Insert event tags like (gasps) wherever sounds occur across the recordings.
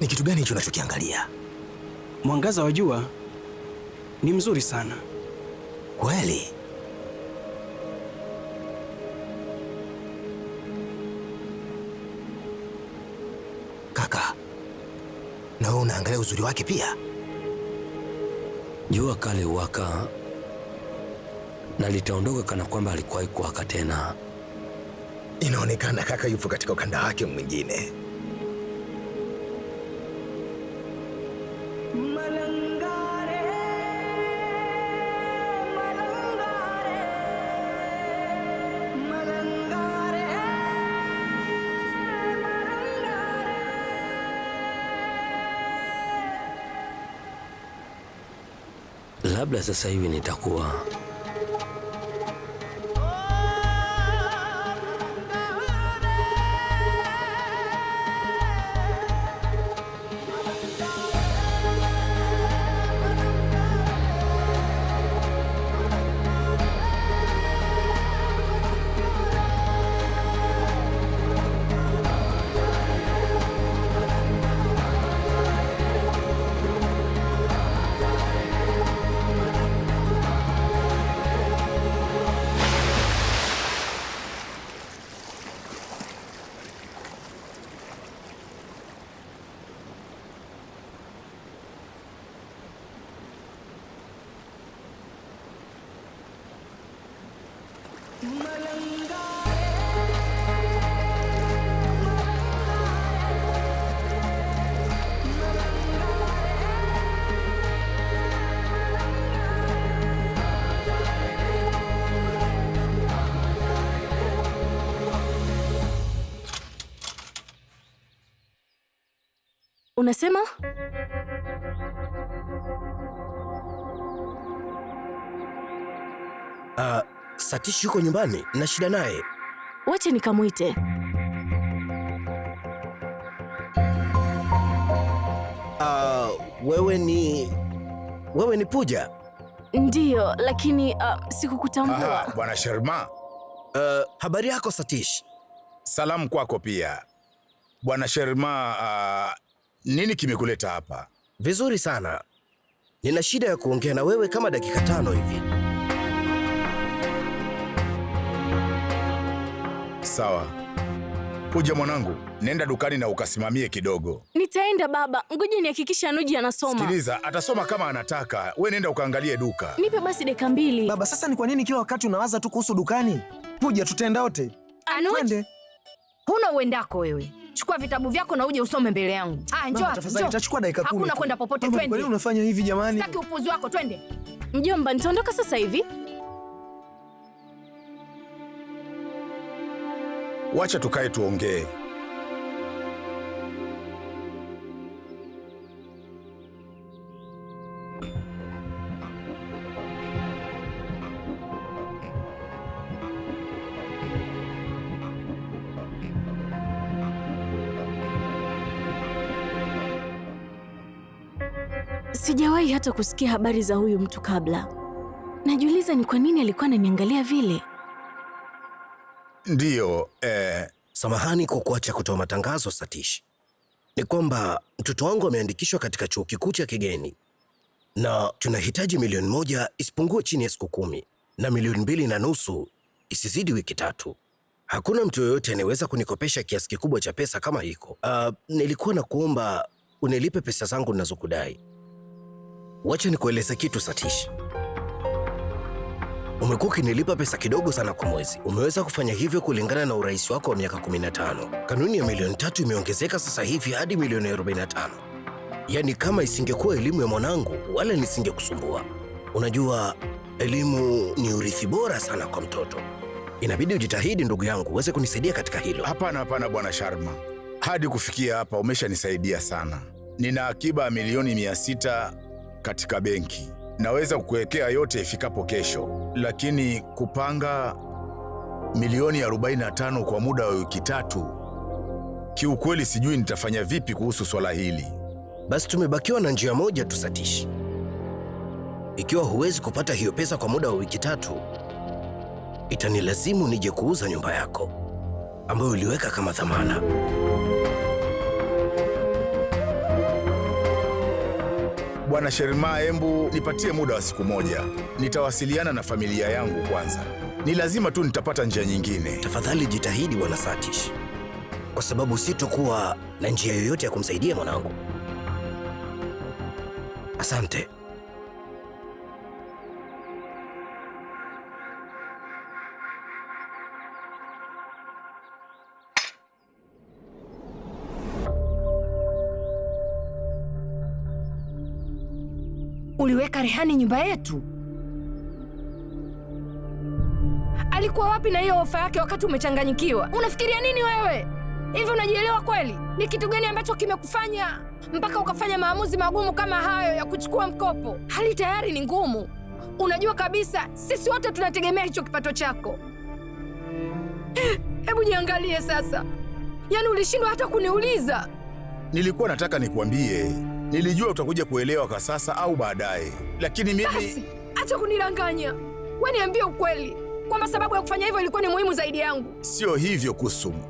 Ni kitu gani hicho unachokiangalia? Mwangaza wa jua ni mzuri sana. Kweli? Kaka, na wewe unaangalia uzuri wake pia? Jua kali waka na litaondoka kana kwamba alikuwahi kuwaka tena. Inaonekana kaka yupo katika ukanda wake mwingine. labda sasa hivi nitakuwa Unasema? Uh, Satish yuko nyumbani na shida naye. Wacha nikamwite. Uh, wewe ni wewe ni Puja? Ndiyo, lakini uh, sikukutambua. Bwana Sharma. Uh, habari yako Satish? Salamu kwako pia. Bwana Sharma, uh, nini kimekuleta hapa? Vizuri sana. Nina shida ya kuongea na wewe kama dakika tano hivi. Sawa. Kuja mwanangu, nenda dukani na ukasimamie kidogo. Nitaenda baba, ngoja nihakikisha Anuji anasoma. Sikiliza, atasoma kama anataka. We nenda ukaangalie duka. Nipe basi dakika mbili. Baba, sasa ni kwa nini kila wakati unawaza tu kuhusu dukani? Kuja tutaenda wote. Anuji, huna uendako wewe chukua vitabu vyako na uje usome mbele yangu. Ah, njoo. tachukua dakika 10. Hakuna kwenda popote, twende. Kwa nini unafanya hivi jamani? Sitaki upuzi wako, twende. Mjomba, nitaondoka sasa hivi. Wacha tukae tuongee. Sijawahi hata kusikia habari za huyu mtu kabla. Najiuliza ni kwa nini alikuwa ananiangalia vile. Ndiyo, eh, samahani kwa kuacha kutoa matangazo Satish. Ni kwamba mtoto wangu ameandikishwa katika chuo kikuu cha kigeni na tunahitaji milioni moja isipungue chini ya siku kumi na milioni mbili na nusu isizidi wiki tatu. Hakuna mtu yoyote anayeweza kunikopesha kiasi kikubwa cha pesa kama hiko. Uh, nilikuwa na kuomba unilipe pesa zangu ninazokudai. Wacha nikueleze kitu Satish. Umekuwa ukinilipa pesa kidogo sana kwa mwezi. Umeweza kufanya hivyo kulingana na urais wako wa miaka 15. Kanuni ya milioni tatu imeongezeka sasa hivi hadi milioni 45. Yaani, kama isingekuwa elimu ya mwanangu, wala nisingekusumbua. Unajua, elimu ni urithi bora sana kwa mtoto. Inabidi ujitahidi, ndugu yangu, uweze kunisaidia katika hilo. Hapana, hapana bwana Sharma, hadi kufikia hapa umeshanisaidia sana. Nina akiba milioni mia sita katika benki. Naweza kukuwekea yote ifikapo kesho, lakini kupanga milioni 45 kwa muda wa wiki tatu, kiukweli sijui nitafanya vipi kuhusu swala hili. Basi tumebakiwa na njia moja tu, Satish. Ikiwa huwezi kupata hiyo pesa kwa muda wa wiki tatu, itanilazimu nije kuuza nyumba yako ambayo uliweka kama dhamana. Bwana Sherima, embu nipatie muda wa siku moja, nitawasiliana na familia yangu kwanza. Ni lazima tu nitapata njia nyingine. Tafadhali jitahidi Bwana Satish, kwa sababu sitokuwa na njia yoyote ya kumsaidia mwanangu. Asante. uliweka rehani nyumba yetu? Alikuwa wapi na hiyo ofa yake wakati umechanganyikiwa? Unafikiria nini wewe? Hivi unajielewa kweli? Ni kitu gani ambacho kimekufanya mpaka ukafanya maamuzi magumu kama hayo ya kuchukua mkopo? Hali tayari ni ngumu. Unajua kabisa sisi wote tunategemea hicho kipato chako. (gasps) Hebu niangalie sasa. Yaani ulishindwa hata kuniuliza. Nilikuwa nataka nikuambie Nilijua utakuja kuelewa kwa sasa au baadaye, lakini mimi... Basi, acha kunidanganya. Wewe niambie ukweli kwamba sababu ya kufanya hivyo ilikuwa ni muhimu zaidi yangu. Sio hivyo Kusumu,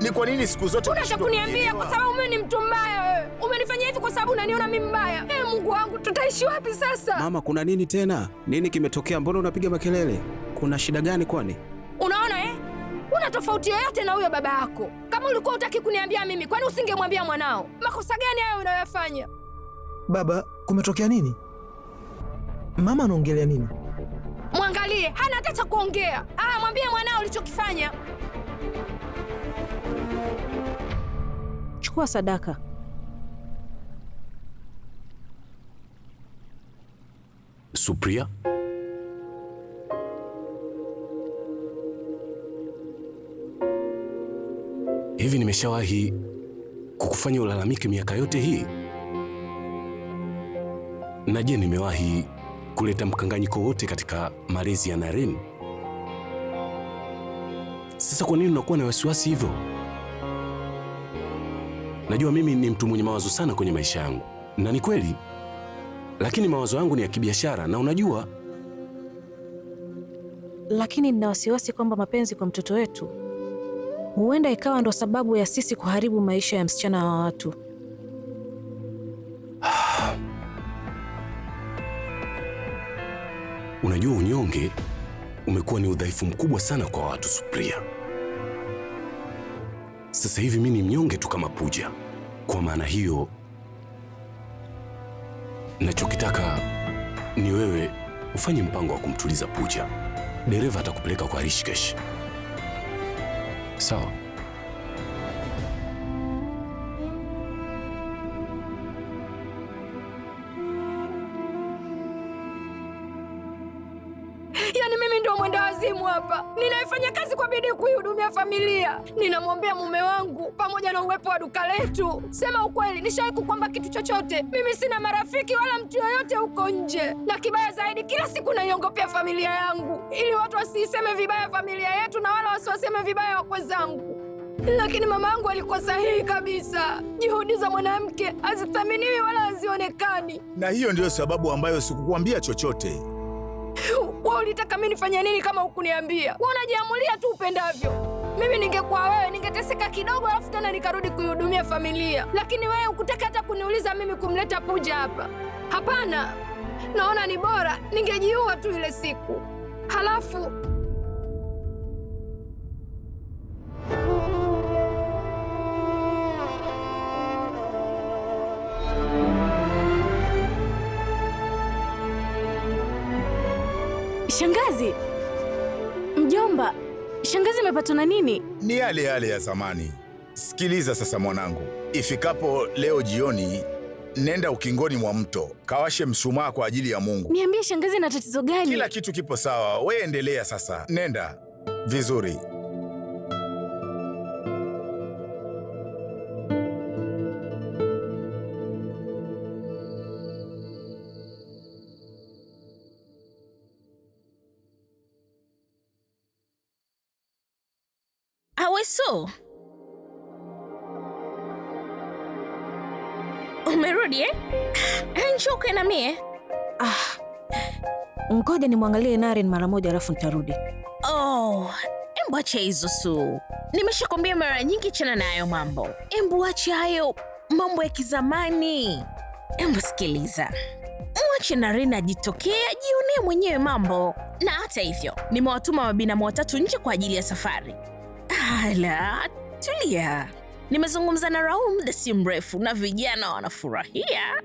ni kwa nini siku zote unataka kuniambia? Kwa sababu mimi ni mtu mbaya. Wewe umenifanyia hivi kwa sababu unaniona mimi mbaya. Ee Mungu wangu, tutaishi wapi sasa? Mama, kuna nini tena? Nini kimetokea? Mbona unapiga makelele? Kuna shida gani kwani? Hakuna tofauti yoyote na huyo baba yako. Kama ulikuwa hutaki kuniambia mimi, kwani usingemwambia mwanao? Makosa gani hayo unayoyafanya? Baba, kumetokea nini? Mama anaongelea nini? Mwangalie, hana hata cha kuongea. Ah, mwambie mwanao ulichokifanya. Chukua sadaka. Supriya hivi nimeshawahi kukufanya ulalamike miaka yote hii? Na je, nimewahi kuleta mkanganyiko wote katika malezi ya Naren? Sasa kwa nini unakuwa na wasiwasi hivyo? Najua mimi ni mtu mwenye mawazo sana kwenye maisha yangu, na ni kweli, lakini mawazo yangu ni ya kibiashara, na unajua. Lakini nina wasiwasi kwamba mapenzi kwa mtoto wetu huenda ikawa ndo sababu ya sisi kuharibu maisha ya msichana wa watu. Unajua, unyonge umekuwa ni udhaifu mkubwa sana kwa watu, Supriya. Sasa hivi mi ni mnyonge tu kama Puja. Kwa maana hiyo, nachokitaka ni wewe ufanye mpango wa kumtuliza Puja. Dereva atakupeleka kwa Rishikesh. So, mimi ndio mwenda wazimu hapa, ninayefanya kazi kwa bidii kuihudumia familia. Ninamwombea mume wangu pamoja na uwepo wa duka letu. Sema ukweli, nishawahi kukwamba kitu chochote? Mimi sina marafiki wala mtu yoyote huko nje, na kibaya zaidi, kila siku naiongopea familia yangu ili watu wasiiseme vibaya familia yetu na wala wasiwaseme vibaya wakwe zangu. Lakini mama yangu alikuwa sahihi kabisa, juhudi za mwanamke hazithaminiwi wala hazionekani, na hiyo ndiyo sababu ambayo sikukuambia chochote. Wewe ulitaka mimi nifanye nini kama hukuniambia? Wewe unajiamulia tu upendavyo. Mimi ningekuwa wewe ningeteseka kidogo, alafu tena nikarudi kuihudumia familia, lakini wewe ukutaka hata kuniuliza mimi kumleta puja hapa. Hapana, naona ni bora ningejiua tu ile siku halafu Shangazi! Mjomba, shangazi amepatwa na nini? Ni yale yale ya zamani. Sikiliza sasa mwanangu, ifikapo leo jioni, nenda ukingoni mwa mto kawashe msumaa kwa ajili ya Mungu. Niambie shangazi, na tatizo gani? Kila kitu kipo sawa, we endelea sasa, nenda vizuri. Yesu, umerudi eh? Njoo na mie. Ah, ngoja nimwangalie Naren mara moja alafu nitarudi. Oh, embu acha hizo su, nimeshakwambia mara nyingi, chana nayo mambo. Embu acha hayo mambo ya kizamani. Embu sikiliza, mwache Naren ajitokea, jionee mwenyewe mambo. Na hata hivyo, nimewatuma mabinamu watatu nje kwa ajili ya safari. Ala, tulia. Nimezungumza na Raul muda si mrefu na vijana wanafurahia.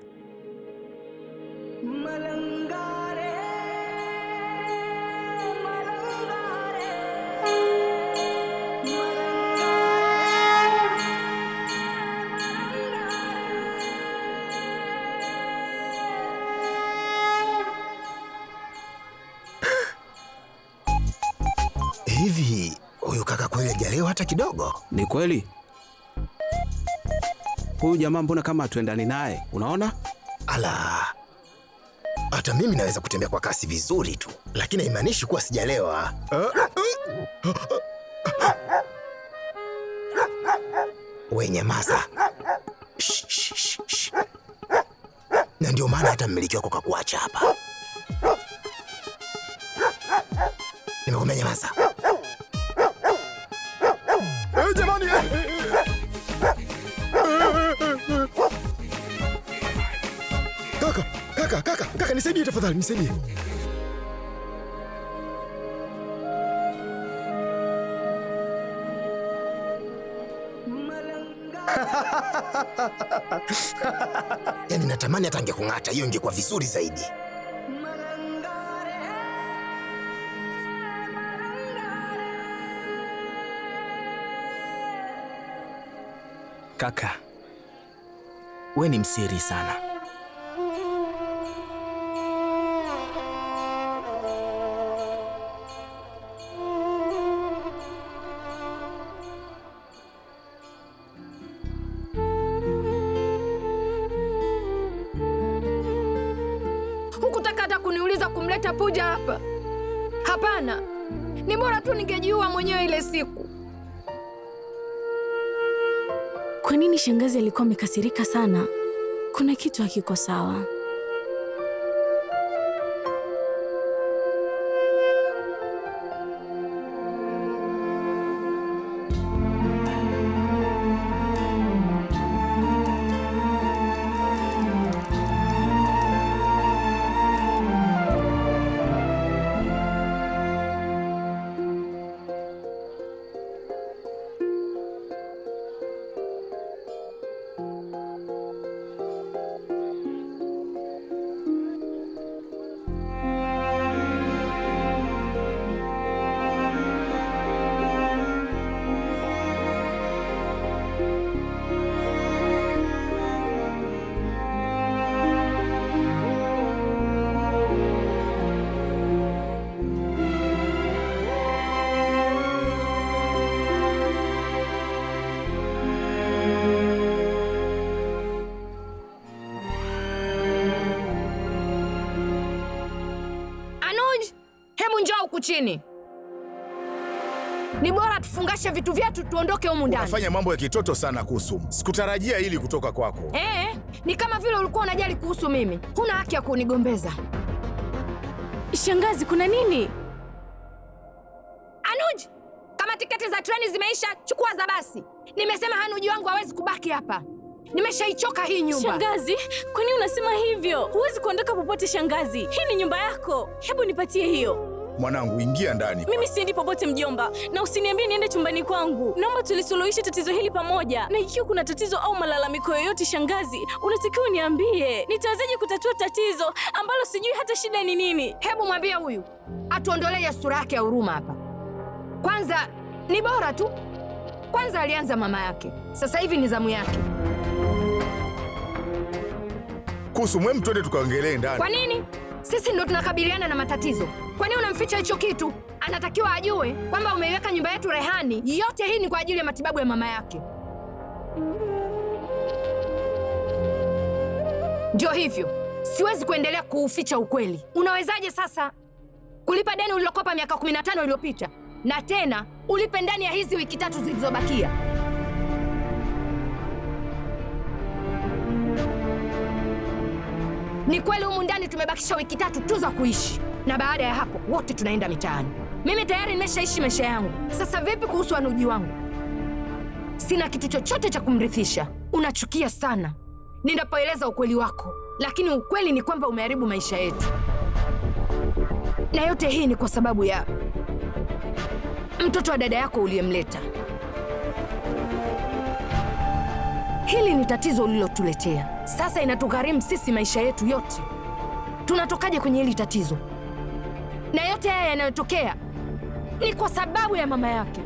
(gasps) Hivi Huyu kaka kweli hajalewa hata kidogo. Ni kweli huyu jamaa, mbona kama hatuendani naye? Unaona, ala, hata mimi naweza kutembea kwa kasi vizuri tu, lakini haimaanishi kuwa sijalewa. Wenye maza na ndio maana hata mmiliki wako kakuacha hapa. Nimekuambia nyamaza. Kaka nisaidie tafadhali, nisaidie. (laughs) Yaani natamani hata angekung'ata, hiyo ingekuwa vizuri zaidi. Kaka, we ni msiri sana. hata kuniuliza kumleta puja hapa. Hapana, ni bora tu ningejiua mwenyewe ile siku. Kwa nini shangazi alikuwa amekasirika sana? Kuna kitu hakiko sawa. Hebu njoo huku chini. Ni bora tufungashe vitu vyetu tuondoke humu ndani. Unafanya mambo ya kitoto sana kuhusu. Sikutarajia hili kutoka kwako. Eh, eh, ni kama vile ulikuwa unajali kuhusu mimi. Huna haki ya kunigombeza. Shangazi, kuna nini? Anuj, kama tiketi za treni zimeisha, chukua za basi. Nimesema Hanuji wangu hawezi kubaki hapa. Nimeshaichoka hii nyumba. Shangazi, kwa nini unasema hivyo? Huwezi kuondoka popote shangazi. Hii ni nyumba yako. Hebu nipatie hiyo. Mwanangu, ingia ndani. Mimi siendi popote mjomba, na usiniambie niende chumbani kwangu. Naomba tulisuluhishe tatizo hili pamoja, na ikiwa kuna tatizo au malalamiko yoyote, shangazi, unatakiwa niambie. Nitawezaje kutatua tatizo ambalo sijui hata shida ni nini? Hebu mwambie huyu atuondolee sura yake ya huruma hapa. Kwanza ni bora tu, kwanza alianza mama yake, sasa hivi ni zamu yake. Kuhusu mwemu, twende tukaongelee ndani. Kwa nini? Sisi ndo tunakabiliana na matatizo. nini unamficha hicho kitu? Anatakiwa ajue kwamba umeiweka nyumba yetu rehani. Yote hii ni kwa ajili ya matibabu ya mama yake. Ndio hivyo, siwezi kuendelea kuuficha ukweli. Unawezaje sasa kulipa deni ulilokopa miaka 15 iliyopita, na tena ulipe ndani ya hizi wiki tatu zilizobakia? Ni kweli humu ndani tumebakisha wiki tatu tu za kuishi, na baada ya hapo wote tunaenda mitaani. Mimi tayari nimeshaishi maisha yangu, sasa vipi kuhusu wanuji wangu? Sina kitu chochote cha kumrithisha. Unachukia sana ninapoeleza ukweli wako, lakini ukweli ni kwamba umeharibu maisha yetu, na yote hii ni kwa sababu ya mtoto wa dada yako uliyemleta. Hili ni tatizo ulilotuletea, sasa inatugharimu sisi maisha yetu yote. Tunatokaje kwenye hili tatizo? Na yote haya yanayotokea ni kwa sababu ya mama yake.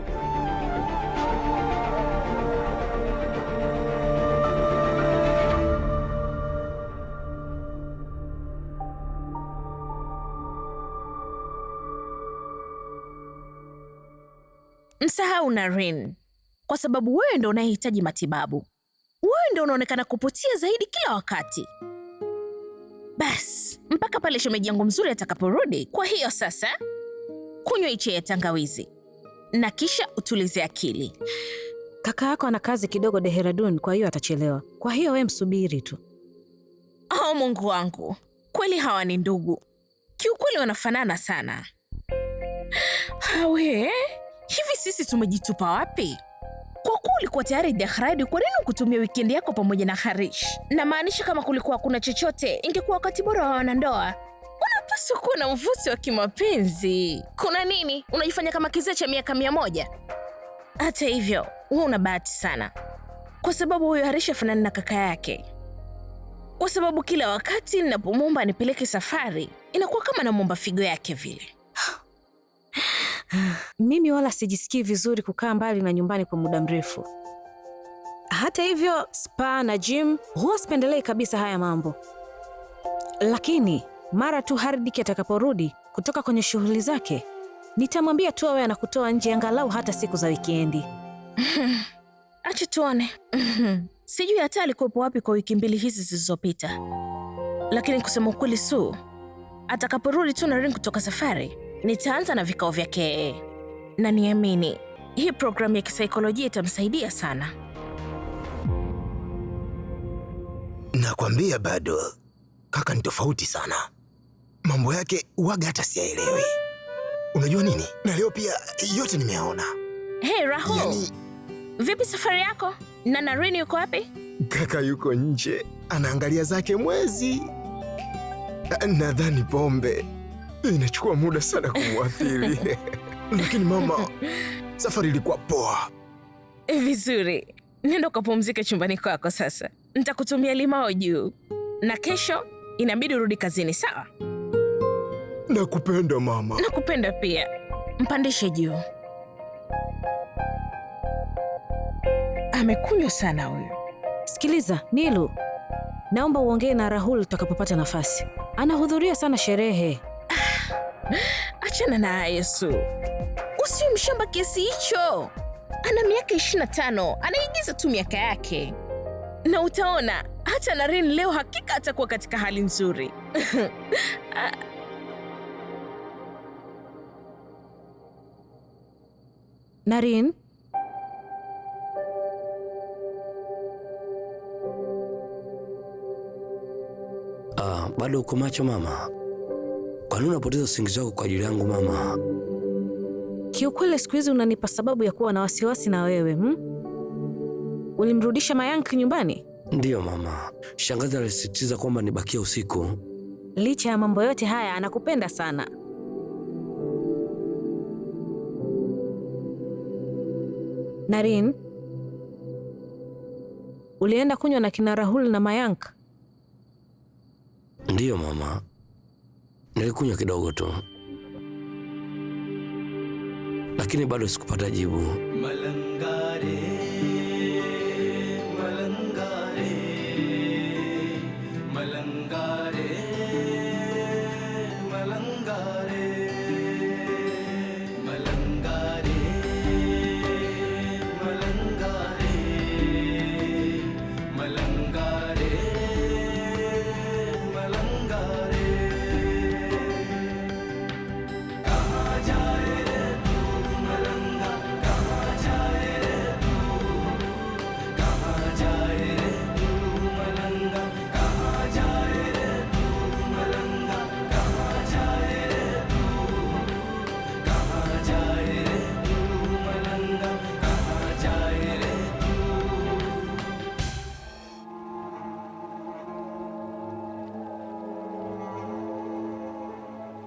Msahau Naren kwa sababu wewe ndo unayehitaji matibabu ndio unaonekana kupotia zaidi kila wakati. Basi mpaka pale shemeji yangu mzuri atakaporudi. Kwa hiyo sasa, kunywa hii chai ya tangawizi na kisha utulize akili. Kaka yako ana kazi kidogo deheradun kwa hiyo atachelewa. Kwa hiyo we msubiri tu. Oh, Mungu wangu, kweli hawa ni ndugu, kiukweli wanafanana sana. (sighs) Hawe, hivi sisi tumejitupa wapi? Kwa kuwa ulikuwa tayari Jahradi, kwa nini kutumia wikendi yako pamoja na Harish? Namaanisha, kama kulikuwa kuna chochote, ingekuwa wakati bora wa wanandoa. Unapaswa kuwa na mvuto wa kimapenzi. Kuna nini? Unajifanya kama kizee cha miaka mia moja? Hata hivyo, wewe una bahati sana, kwa sababu huyo Harish afanani na kaka yake kwa sababu kila wakati ninapomwomba anipeleke safari inakuwa kama namwomba figo yake vile. Mimi wala sijisikii vizuri kukaa mbali na nyumbani kwa muda mrefu. Hata hivyo, spa na gym huwa sipendelei kabisa haya mambo, lakini mara tu Hardik atakaporudi kutoka kwenye shughuli zake, nitamwambia tu awe anakutoa nje angalau hata siku za wikiendi. (laughs) Acha tuone. (laughs) Sijui hata alikuwepo wapi kwa wiki mbili hizi zilizopita, lakini kusema ukweli, su atakaporudi tu na Ring kutoka safari Nitaanza na vikao vyake na niamini hii programu ya kisaikolojia itamsaidia sana. Nakwambia bado kaka ni tofauti sana, mambo yake waga hata siyaelewi. Unajua nini? Na leo pia yote nimeyaona. Hey, Rahul. Yani... vipi safari yako na Naren yuko wapi? Kaka yuko nje anaangalia zake mwezi, nadhani pombe inachukua muda sana kumwathiri (laughs) lakini mama, safari ilikuwa poa. Vizuri, nenda ukapumzike chumbani kwako. Sasa nitakutumia limao juu, na kesho inabidi urudi kazini, sawa? Nakupenda mama. Nakupenda pia. Mpandishe juu. Amekunywa sana huyu. Sikiliza Nilu, naomba uongee na Rahul utakapopata nafasi. Anahudhuria sana sherehe Achana yesu Su, usimshamba kiasi hicho. Ana miaka 25, anaigiza tu miaka yake, na utaona hata Naren leo hakika atakuwa katika hali nzuri. (laughs) Naren, ah, bado uko macho mama? Kwa nini unapoteza usingizi wako kwa ajili yangu mama? Kiukweli siku hizi unanipa sababu ya kuwa na wasiwasi na wewe hm? Ulimrudisha Mayank nyumbani? Ndiyo mama, shangazi alisisitiza kwamba nibakia usiku. Licha ya mambo yote haya, anakupenda sana. Naren, ulienda kunywa na kina Rahul na Mayank? Ndiyo mama. Nilikunywa kidogo tu, lakini bado sikupata jibu.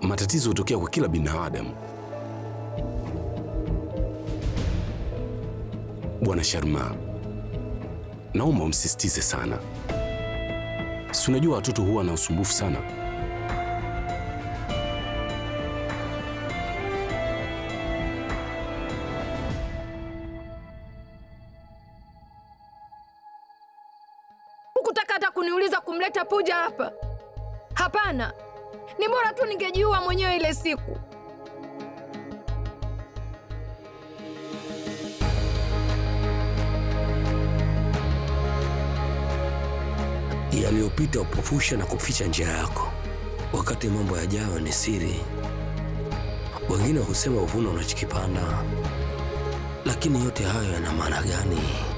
matatizo hutokea kwa kila binadamu. Bwana Sharma, naomba umsisitize sana. Si unajua watoto huwa na usumbufu sana. aku. Yaliyopita upofusha na kuficha njia yako, wakati mambo yajayo ni siri. Wengine husema uvuna unachokipanda, lakini yote hayo yana maana gani?